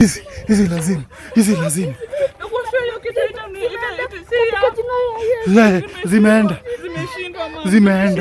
Hizi hizi lazima, hizi lazima zimeenda, zimeenda,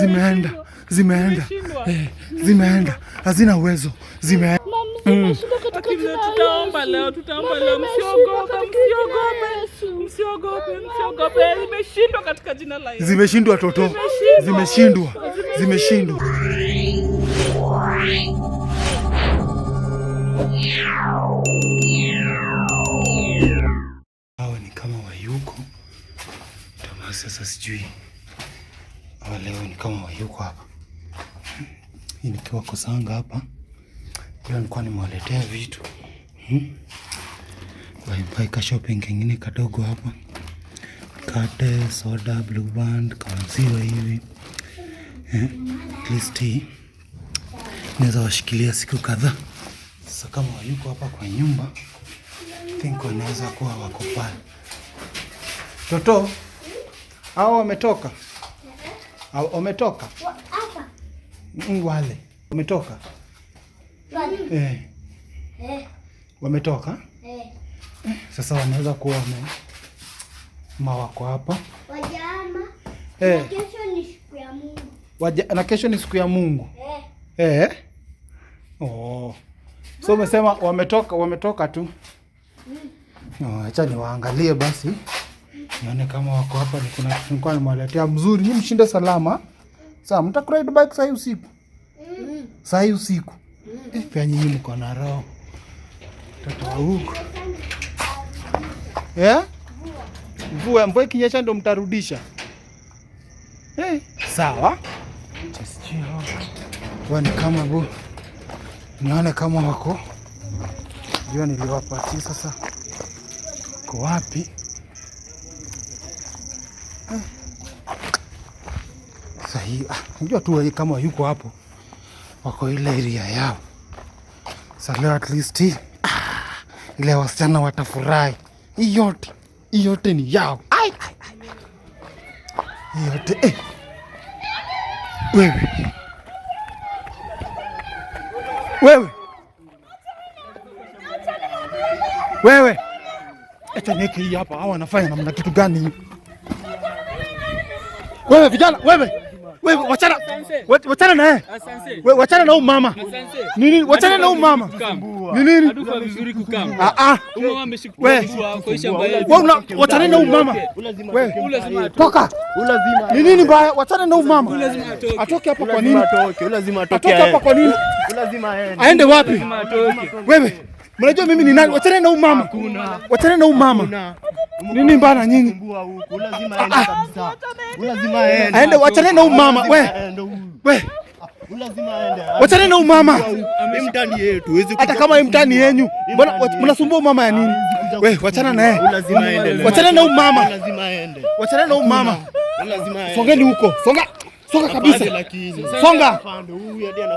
zimeenda, zimeenda, eh, zimeenda, hazina uwezo, zimeenda. Mm. Zimeshindwa toto, zimeshindwa, zimeshindwa. Hawa ni kama wayuko tamaa. Sasa sijui hawa leo ni kama wayuko hapa, nikiwa kusanga hapa kule, nilikuwa nimewaletea vitu hmm? Baibai shopping kengine kadogo hapa, kate soda, blue band, kaanziwa hivi eh? naweza washikilia siku kadhaa. Sasa kama hayuko hapa kwa nyumba, think wanaweza kuwa wako pale. Toto, hao wametoka? Wametoka? Wale. Wametoka? Eh. eh. Wametoka? Eh. Sasa wanaweza kuwa wame ma wako hapa. Wajama. Eh. kesho ni siku ya Mungu. Waja, na kesho ni siku ya Mungu. Eh. Eh. Oh. So umesema wametoka wametoka tu. No, Acha niwaangalie basi. Nione kama wako hapa ni kuna kitu nilikuwa nimewaletea mzuri. Ni mshinde salama. Sasa mtaku ride bike sasa usiku. Saa usiku. Eh, pia nyinyi mko na roho. Tata huko. Eh? Yeah? Mvua mvua ikinyesha ndo mtarudisha. Eh, hey. sawa. Just chill. Wani kama bu nione kama wako jua niliwapatia sasa ko wapi Sahi ah, najua tu kama yuko hapo, wako ile area yao. Sasa leo at least ah, ile wasichana watafurahi. Hii yote hii yote ni yao. Hii yote eh. Wewe wewe wewe, acha niweke hii hapa. Hawa wanafanya namna kitu gani? Wewe vijana, wewe wewe wachana. Wachana naye. Wewe wachana na huyu mama. Nini? Ah, ah. Wachana na huyu mama. Ni nini? Ah ah. Wewe wachana na huyu mama. Wewe toka. Ni nini baya? Wachana na huyu mama. Atoke hapa kwa nini? Atoke hapa kwa nini? Aende wapi? Wewe, mnajua mimi ni nani? Wachana na huyu mama. Wachana na huyu mama. Nini bana nyinyi? Ah, ah. Aende, wachane na umama. Ah, huyu mama. Wachane na umama. huyu yetu. Hata kama mtani yenyu, mbona mnasumbua umama ya nini? We, wachana na yeye. Wachane na umama. huyu mama. Wachane na umama. huyu mama. Songeni huko. Songa. Songa kabisa. Songa.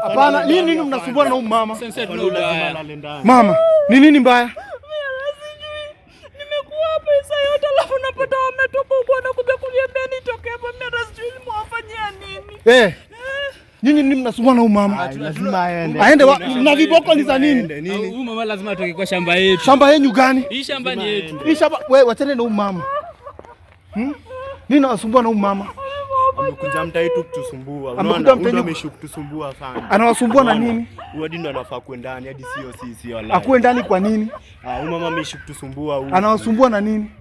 Hapana, nini nini mnasumbua na umama? mama? Mama, ni nini mbaya? pesa yote, alafu napata wametoka huko wanakuja kuniambia nitoke hapa. Mimi hata sijui nimewafanyia nini. Eh. eh? Nyinyi ni mnasumbua na mama? Ah, lazima aende. Aende na viboko ni za nini? Huyu mama lazima atoke kwa shamba yetu. Shamba yenu gani? Hii shamba ni yetu. Hii shamba wewe wachane na huyu mama. Hmm? Nini nasumbua na huyu mama? Umekuja mtai tu kutusumbua. Unaona mtu ameishi kutusumbua sana. Anawasumbua na nini? Wadi ndo anafaa kwenda ndani hadi sio sisi sio la. Akuwe ndani kwa nini? Ah, mama ameishi kutusumbua Anawasumbua na nini?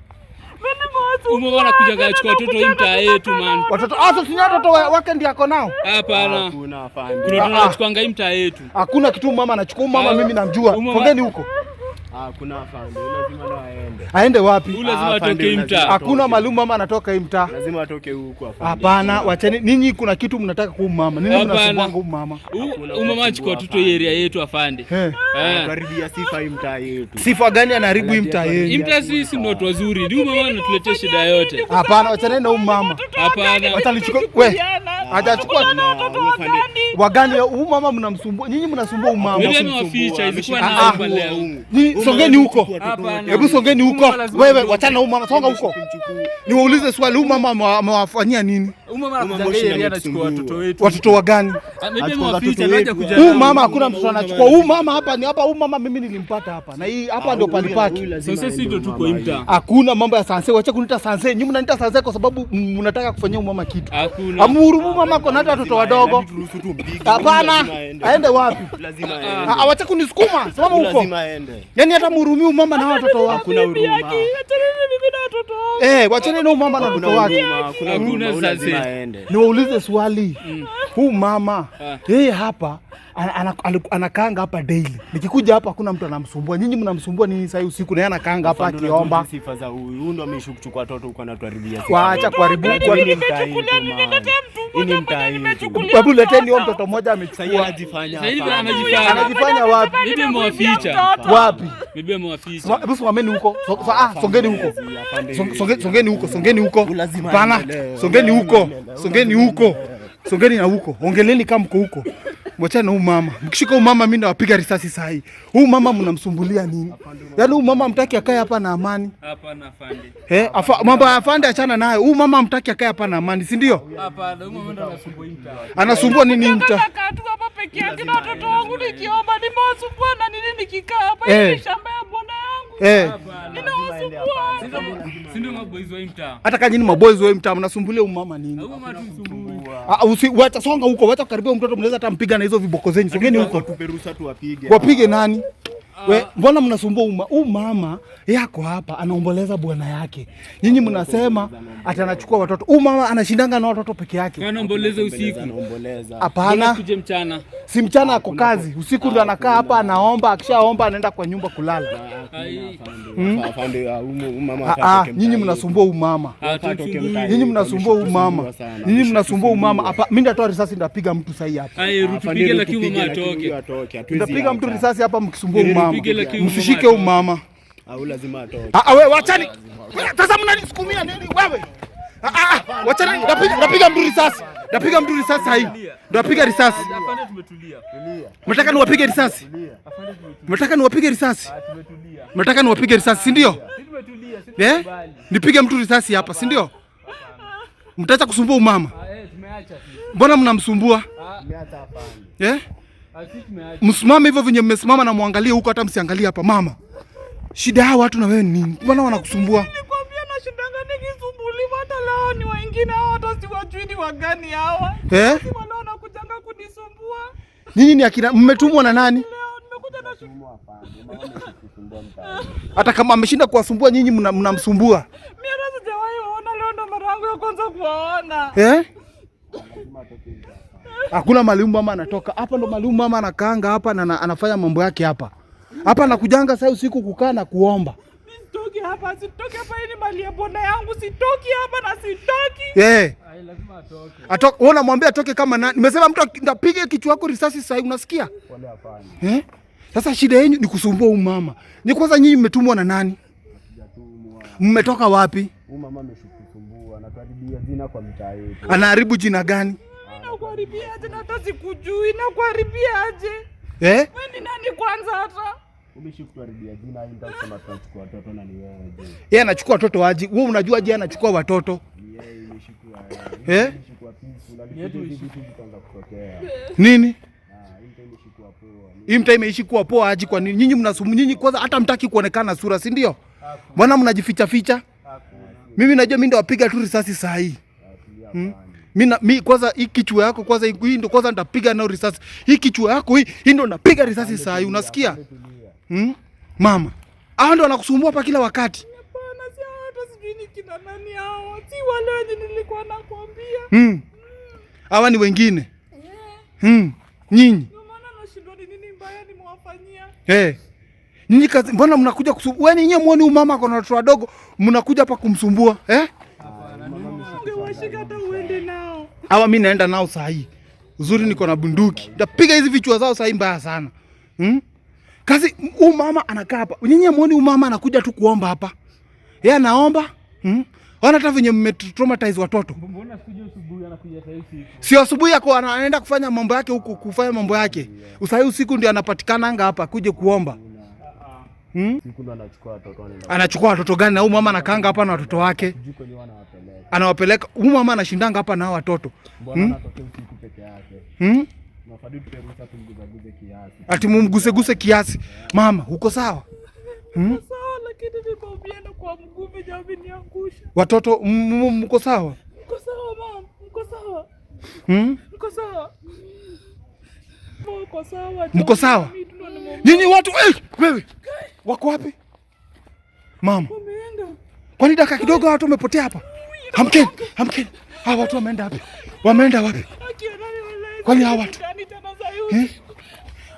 Umeona anakuja watoto hii mtaa yetu man. Watoto ah, watoto wake ndio ako nao? Hapana. Hakuna afande. mtaa yetu. Hakuna kitu mama anachukua mama ah, mimi namjua. Pongeni huko. Ah, hakuna afande, lazima na aende. Aende wapi? Yule lazima ah, atoke mtaa. Hakuna malumu mama anatoka mtaa. Lazima atoke huko afande. Hapana, wacheni ninyi kuna kitu mnataka kwa mama. Nini mnasumbua kwa mama? Umama achukua watoto area yetu afande. Eh. Karibia sifa hii mtaa yetu. Sifa gani anaharibu hii mtaa yetu? Mtaa sisi ndio watu wazuri. Ndio mama anatuletea shida yote. Hapana, wacheni na umama. Hapana. Watalichukua wewe atachukua ah, wagani huyu mama, mnamsumbua nyinyi, mnasumbua umama. Ah, ah. Songeni huko, hebu songeni huko. Wewe wachana huu mama, songa huko, niwaulize swali, huu mama amewafanyia nini? Watoto wagani? Huu mama hakuna mtoto anachukua. Huu mama hapa ni hapa, huu mama mimi nilimpata hapa na hii hapa ndio palipaki. Hakuna mambo ya sanse, wacha kunita sanse. Nyinyi mnanita sanse kwa sababu mnataka kufanyia mama kitu. Amhurumu kama ama kona hata watoto wadogo. Yaani Hapana, aende wapi? Ah, Awacha kunisukuma, simama huko. Yaani hata mhurumii mama na watoto wako. Kuna huruma. Eh, wacheni na mama na watoto wake. Niwaulize swali. Mm huu mama yeye hapa anakaanga hapa daily. Nikikuja hapa hakuna mtu anamsumbua. Nyinyi mnamsumbua nini sasa usiku, na yeye anakaanga hapa akiomba. Sifa za huyu huyu ndo ameshukuchukua watoto huko, anatuharibia sifa. Waacha kuharibu kwa nini? Babu, leteni huyo mtoto mmoja amechukua. Anajifanya anajifanya wapi? Bibi mwaficha wapi? Bibi mwaficha basi, wameni huko. Ah, songeni huko, songeni huko, songeni huko, Lazima. pana, songeni huko, songeni huko Songeni na huko. Ongeleni kama mko huko. Mwachane na huyu mama. Mkishika huyu mama mimi nawapiga risasi saa hii. Huyu mama mnamsumbulia nini? Yaani huyu mama hamtaki akae hapa na amani. Hapana afande. Eh, afa, mambo ya afande achana nayo. Huyu mama hamtaki akae hapa na amani, si ndio? Hapana, huyu mama ndo anasumbua mtaa. Anasumbua nini mtaa? Kaka tu hapa peke yake na watoto wangu nikiomba nimewasumbua na nini nikikaa hapa eh. hii shamba ya mbona Eh. Hata kanyini maboys wewe mtaa mnasumbulia umama nini? Ah, wacha songa huko, wacha karibia mtoto mnaweza hata mpiga na hizo viboko zenyu. Songeni huko. Wapige nani? We, mbona mnasumbua umma? Huu mama yako hapa anaomboleza bwana yake, nyinyi mnasema ati anachukua watoto. Huu mama anashindanga na watoto peke yake, anaomboleza usiku. Hapana, si mchana ako kazi, usiku ndo anakaa hapa anaomba, akishaomba anaenda kwa nyumba kulala. Hmm? Uh, ah, ah, nyinyi mnasumbua huu mama, nyinyi mnasumbua huu mama, nyinyi mnasumbua huu mama hapa. Mimi ndatoa risasi, ndapiga mtu sahi hapa, ndapiga mtu risasi hapa, mkisumbua mama, msishike huyu umama. Ah, ah, wachani sasa, mnanisukumia nini wewe? Wachana, napiga mduri sasa, napiga mduri sasa, hii, napiga risasi. Mnataka niwapige risasi? Mnataka niwapige risasi? Ah, Mnataka niwapige risasi, si ndio? Eh, nipige mtu risasi hapa, si ndio? Mtaacha kusumbua umama, eh, mbona mnamsumbua eh? Msimame hivyo venye mmesimama na muangalie huko, hata msiangalie hapa. Mama, shida ya watu na wewe ni nini? Mbona wanakusumbua? Nilikwambia na shida gani kisumbuliwa? Hata leo ni wengine hao, hata siwajui ni wagani hawa eh? Wala wanakujanga kunisumbua. nini? ni akina mmetumwa na nani? Hata kama ameshinda kuwasumbua nyinyi mnamsumbua. Mimi hata sijawahi waona, leo ndo mara yangu ya kwanza kuwaona. Eh? Hakuna malimu mama anatoka hapa, ndo malimu mama anakaanga hapa na anafanya mambo yake hapa hapa, nakujanga saa usiku kukaa na kuomba Sitoki hapa, sitoki hapa, ni mali ya bonda yangu, sitoki hapa na sitoki. Eh. Lazima atoke. Atoke, wewe unamwambia atoke kama na Nimesema mtu ndapiga kichwa yako risasi sasa unasikia? Wale hapana. Eh? Sasa shida yenu ni kusumbua huyu mama. Ni kwanza nyinyi mmetumwa na nani? Mmetoka wapi? Huyu mama ameshukusumbua, anatuharibia jina kwa mtaa wetu. Anaharibu jina gani? nakuharibiaje? hata sikujui Eh? Wewe ni nani kwanza hata? Yeye anachukua watoto waji, wewe unajua je anachukua watoto eh? Nini? Ah, hii mtaa imeishi kuwa poa aji kwa nini? Nyinyi mnasumu nyinyi kwanza hata mtaki kuonekana sura, si ndio? Mbona mnajificha ficha? Mimi najua mimi ndio wapiga tu risasi saa hii. Hmm? mimi mi, kwanza hii kichwa yako kwanza, hii ndo kwanza nitapiga nao risasi. Hii kichwa yako hii hii ndo napiga risasi saa hii, unasikia hmm? Mama hao ndo wanakusumbua hapa kila wakati. Hapana, si hata sijui ni kina nani hao, si wale wenye nilikuwa nakwambia hmm. Hawa ni wengine eh. hmm. Nyinyi hey. Eh. Nyinyi kazi, mbona mnakuja kusumbua? Wewe yaani nyinyi muone umama mama na watoto wadogo, mnakuja hapa kumsumbua eh? Ungewashika hata uende nao. Hawa mimi naenda nao saa hii. Uzuri niko na bunduki. Nitapiga hizi vichwa zao saa hii mbaya sana. Hmm? Kazi huyu mama anakaa hapa. Nyinyi hamuoni huyu mama anakuja tu kuomba hapa. Yeye anaomba. Hmm? Wana hata venye mmetraumatize watoto. Mbona sikuja asubuhi anakuja saa hii? Sio asubuhi yako anaenda kufanya mambo yake huko kufanya mambo yake. Usahii usiku ndio anapatikana anga hapa kuja kuomba. Hmm? Anachukua watoto gani na huyu mama anakaanga hapa na watoto wake, anawapeleka huyu mama anashindanga hapa na hao watoto hmm? hmm? Ati mumguseguse kiasi Mama uko sawa hmm? Watoto mko hmm? sawa mko sawa nini watu eh, wewe wako wapi? Mama kwani dakika kidogo watu wamepotea hapa? Hamkeni, hamkeni. Hawa watu wameenda wapi? Wameenda wapi? Kwani hawa watu eh?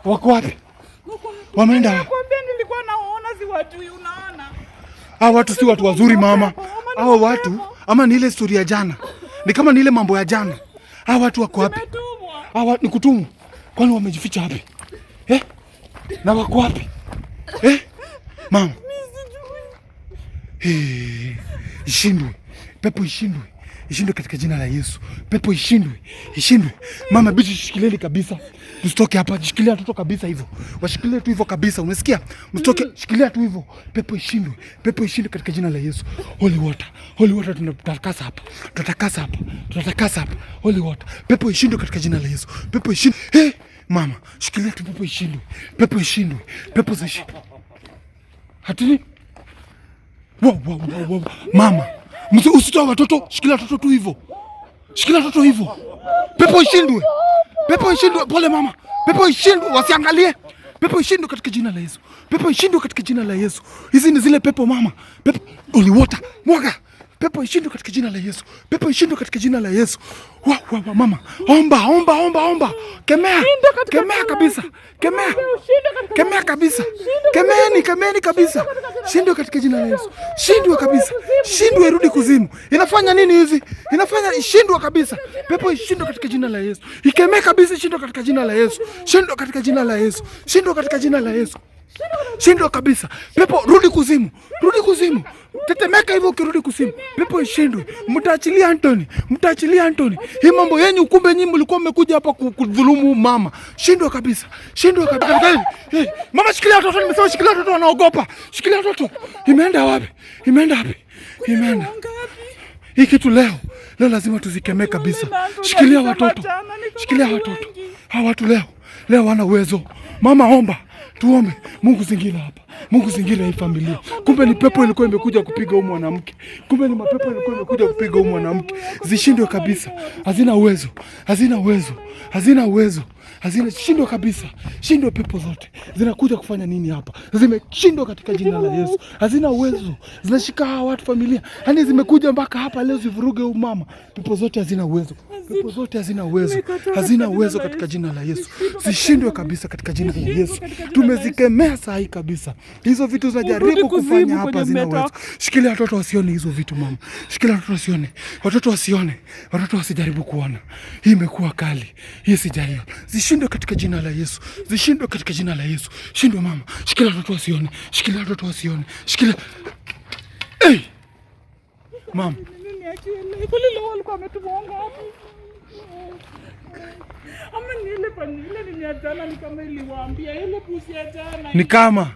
wako wapi? Wameenda wapi? Hawa watu si watu wazuri mama. Hawa watu ama ni ile historia ya jana, ni kama ni ile mambo ya jana. Hawa watu wako wapi? Hawa ni kutumwa. Kwani wamejificha wapi eh? na wako wapi eh? Mama hey, eh, ishindwe pepo, ishindwe ishindwe katika jina la Yesu, pepo ishindwe, ishindwe. Mama bichi, shikilieni kabisa, msitoke hapa. shikilia watoto kabisa, hivyo washikilie tu hivyo kabisa, unasikia? Msitoke, mm. shikilia tu hivyo. Pepo ishindwe, pepo ishindwe katika jina la Yesu. Holy water, holy water, tunatakasa hapa, tunatakasa hapa, tunatakasa hapa, holy water. Pepo ishindwe katika jina la Yesu, pepo ishindwe. Hey! Eh? Mama, shikilia tu pepo ishindwe, pepo ishindwe, pepo zishi hatini. Wow, wow, wow, wow. Mama, usitoa watoto, shikilia watoto tu hivyo, shikilia watoto hivyo, pepo ishindwe, pepo ishindwe. Pole mama, pepo ishindwe, wasiangalie pepo ishindwe katika jina la Yesu, pepo ishindwe katika jina la Yesu. Hizi ni zile pepo mama, pepo water, mwaga Pepo ishindwe katika jina la Yesu. Pepo ishindwe katika jina la Yesu. Wa, wa, wa, mama. Omba, omba, omba, omba. Kemea. Kemea kabisa. Kemea. Kemea kabisa. Kemeeni, kemeeni kabisa. Shindwe katika jina la Yesu. Shindwe kabisa. Shindwe rudi kuzimu. Inafanya nini hizi? Inafanya ishindwe kabisa. Pepo ishindwe katika jina la Yesu. ikemea kabisa, ishindwe katika jina la Yesu. Shindwe katika jina la Yesu. Shindwe katika jina la Yesu. Shindwa kabisa pepo, rudi kuzimu, rudi kuzimu, tetemeka hivyo ukirudi kuzimu. Pepo ishindwe, mtaachilia Anthony, mtaachilia Anthony. Hii mambo yenyu, kumbe nyinyi mlikuwa mmekuja hapa kudhulumu mama. Shindwa kabisa, shindwa kabisa. Hey, Mama, shikilia watoto, nimesema shikilia watoto, wanaogopa. Shikilia watoto. Imeenda wapi? Imeenda wapi? Imeenda hii kitu leo leo, lazima tuzikemee kabisa. Shikilia watoto, shikilia watoto. Hawa watu leo leo wana uwezo. Mama, omba tuombe Mungu, zingira hapa Mungu, zingira hii familia. Kumbe ni pepo ilikuwa imekuja kupiga huyu mwanamke, kumbe ni mapepo ilikuwa imekuja kupiga huyu mwanamke. Zishindwe kabisa, hazina uwezo, hazina uwezo, hazina uwezo hazina shindwa kabisa, shindwa. Pepo zote zinakuja kufanya nini hapa? Zimeshindwa katika jina la Yesu, hazina uwezo. Zinashika hawa watu familia, yaani zimekuja mpaka hapa leo zivuruge huyu mama. Pepo zote hazina uwezo, pepo zote hazina uwezo, hazina uwezo katika jina la Yesu, zishindwe kabisa katika jina la Yesu. Tumezikemea saa hii kabisa, hizo vitu zinajaribu kufanya hapa, hazina uwezo. Shikilia watoto wasione hizo vitu mama, shikilia watoto wasione, watoto wasione, watoto wasijaribu kuona. Hii imekuwa kali, hii sijaiona Shindwe katika jina la Yesu, zishindwe katika jina la Yesu. Shindwe mama, shikilia watoto wasione, shikilia watoto wasione, shikilia hey! Mama ni kama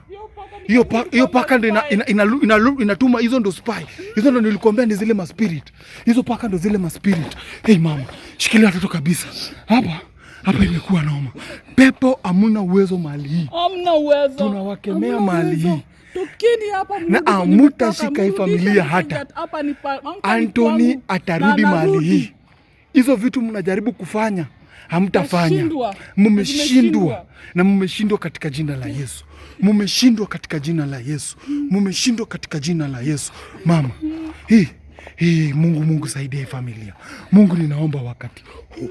hiyo paka ndo inatuma hizo, ndo spy hizo, ndo nilikuambia ni zile maspirit hizo, paka ndo zile maspirit. Hey mama, shikilia watoto kabisa hapa hapa imekuwa noma. Pepo amuna uwezo mali hii. Hamna uwezo. Tunawakemea mali hii. Tukini hapa Mungu. Na amutashika hii familia hata. Anthony atarudi mali hii. Hizo vitu mnajaribu kufanya hamtafanya. Mmeshindwa na mmeshindwa katika jina la Yesu. Mmeshindwa katika jina la Yesu. Mmeshindwa katika jina la Yesu. Mama. Hii hii Mungu Mungu saidia hii familia. Mungu ninaomba wakati huu.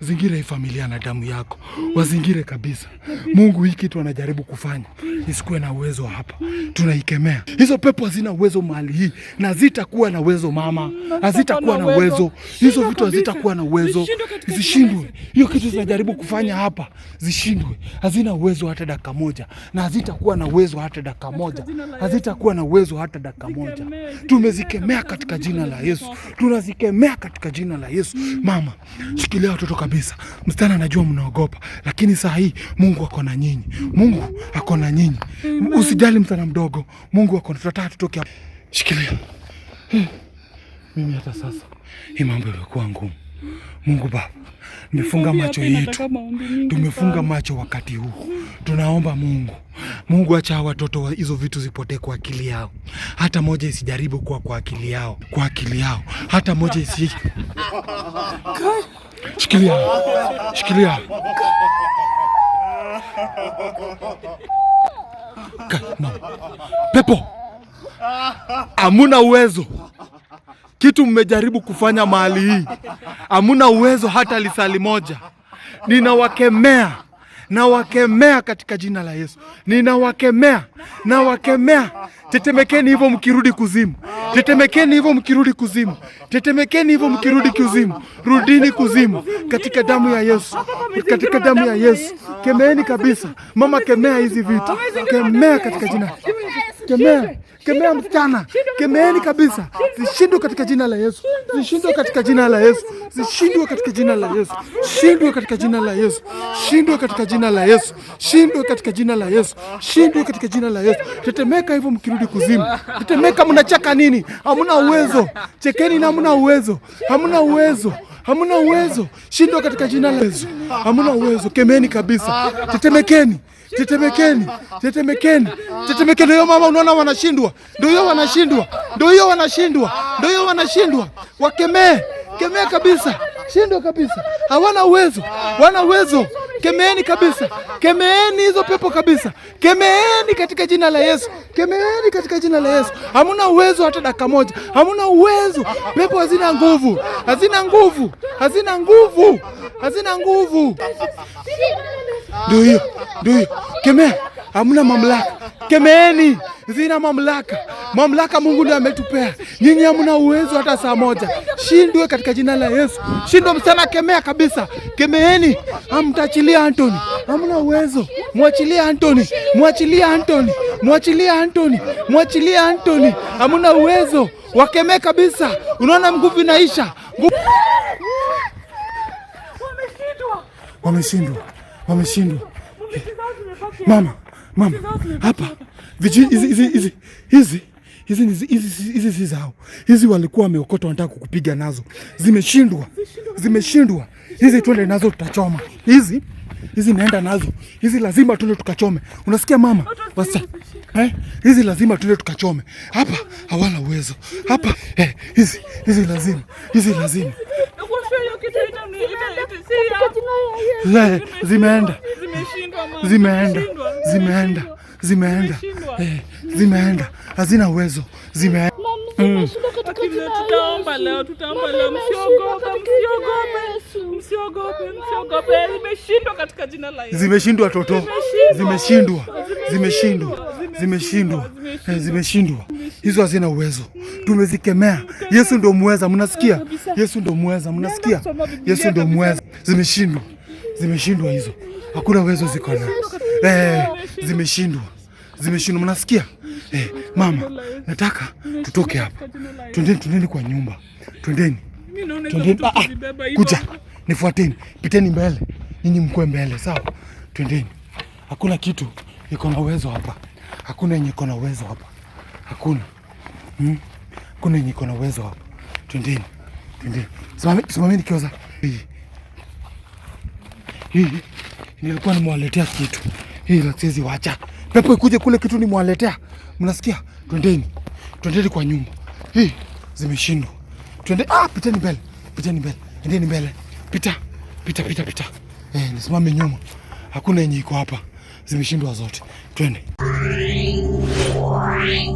Zingira hii familia na damu yako, wazingire kabisa. Mungu, hii kitu anajaribu kufanya isikuwe na uwezo hapa, tunaikemea. Hizo pepo hazina uwezo mahali hii, na zitakuwa na uwezo mama, hazitakuwa na uwezo hizo vitu, hazitakuwa na uwezo, zishindwe. Hiyo kitu zinajaribu kufanya hapa, zishindwe. Hazina uwezo hata dakika moja, na hazitakuwa na uwezo hata dakika moja, hazitakuwa na uwezo hata dakika moja. Tumezikemea katika jina la Yesu, tunazikemea katika jina la Yesu. Mm. Mama, shikilia watoto kabisa, msichana anajua mnaogopa, lakini saa hii Mungu ako na nyinyi. Mungu ako na nyinyi, usijali msichana mdogo, Mungu ako na. Tunataka tutoke hapa, shikilia hmm. mimi. Hata sasa hii mambo imekuwa ngumu. Mungu Baba, tumefunga macho yetu, tumefunga macho wakati huu, tunaomba Mungu Mungu acha watoto wa hizo vitu zipotee kwa akili yao, hata moja isijaribu kuwa kwa akili yao, kwa akili yao, hata moja isi Shikilia, shikilia. Kama. Pepo, hamuna uwezo. Kitu mmejaribu kufanya mahali hii hamuna uwezo hata lisali moja. Ninawakemea Nawakemea katika jina la Yesu, ninawakemea, nawakemea. Tetemekeni hivyo mkirudi kuzimu, tetemekeni hivyo mkirudi kuzimu, tetemekeni hivyo mkirudi kuzimu, rudini kuzimu katika damu ya Yesu, katika damu ya Yesu. Kemeeni kabisa, mama, kemea hizi vitu, kemea katika jina Kemea, kemea mchana kemeeni kabisa. Zishindwe katika jina la Yesu, zishindwe katika jina la Yesu, zishindwe katika jina la Yesu, shindwe katika jina la Yesu, shindwe katika jina la Yesu, shindwe katika jina la Yesu, shindwe katika jina la Yesu. Tetemeka hivyo mkirudi kuzimu, tetemeka. Mnacheka nini? Hamuna uwezo, chekeni na hamuna uwezo, hamuna uwezo hamuna uwezo, shindwa katika jina la Yesu, hamuna uwezo. Kemeni kabisa, tetemekeni. Tetemekeni, tetemekeni, tetemekeni. Hiyo mama, unaona wanashindwa, ndio hiyo wanashindwa, ndio hiyo wanashindwa, ndio hiyo wanashindwa. Wakemee, kemee kabisa, shindwa kabisa, hawana uwezo, wana uwezo. Kemeeni kabisa, kemeeni hizo pepo kabisa, kemeeni katika jina la Yesu, kemeeni katika jina la Yesu. Hamuna uwezo hata dakika moja, hamuna uwezo. Pepo hazina nguvu, hazina nguvu, hazina nguvu, hazina nguvu. Ndio hiyo, ndio hiyo. Kemea, hamna mamlaka. Kemeeni, zina mamlaka. Mamlaka Mungu ndiye ametupea. Nyinyi hamna uwezo hata saa moja. Shindwe katika jina la Yesu. Shindwe msema kemea kabisa. Kemeeni, amtachilia Anthony. Hamna uwezo. Mwachilie Anthony. Mwachilie Anthony. Mwachilie Anthony. Mwachilie Anthony. Hamna uwezo. Wakemee kabisa. Unaona nguvu inaisha. Wameshindwa. Wameshindwa wameshindwa. Mama, mama, hapa vijiji hizi hizi hizi si zao, hizi walikuwa wameokota, wanataka kukupiga nazo, zimeshindwa, zimeshindwa. Hizi twende nazo, tutachoma hizi hizi naenda nazo hizi, lazima tuende tukachome. Unasikia mama? hizi eh, hizi lazima tuende tukachome. Hapa hawana uwezo hapa eh, hizi hizi lazima, hizi lazima zimeenda zimeenda zimeenda zimeenda eh, zimeenda, hazina uwezo, zimeenda. Mm. Zimeshindwa zimeshindwa toto, zimeshindwa, zimeshindwa, zimeshindwa, zimeshindwa. Eh, hizo hazina uwezo, tumezikemea. Yesu ndo mweza mnasikia? Yesu ndo mweza, mnasikia? Yesu ndo mweza. Zimeshindwa, zimeshindwa hizo, hakuna uwezo ziko na eh, zimeshindwa, zimeshindwa, mnasikia? Eh, mama, nataka tutoke hapa, twendeni, twendeni kwa nyumba, twendeni, twendeni. Ah, kuja, nifuateni, piteni mbele, ninyi mkwe mbele, sawa? Twendeni, hakuna kitu iko na uwezo hapa, hakuna yenye iko na uwezo hapa. Hakuna hmm? Kuna yenye iko na uwezo hapa. Twendeni, twendeni, simameni kioza hii. Hii nilikuwa nimewaletea kitu hii, la siwezi wacha pepo ikuje kule, kitu nimewaletea. Mnasikia? Twendeni, twendeni kwa nyumba hii, zimeshindwa. Twende, ah, piteni mbele, piteni mbele, endeni mbele, pita pita pita pita. Eh, nisimame nyuma, hakuna yenye iko hapa, zimeshindwa zote. Twende. Meow.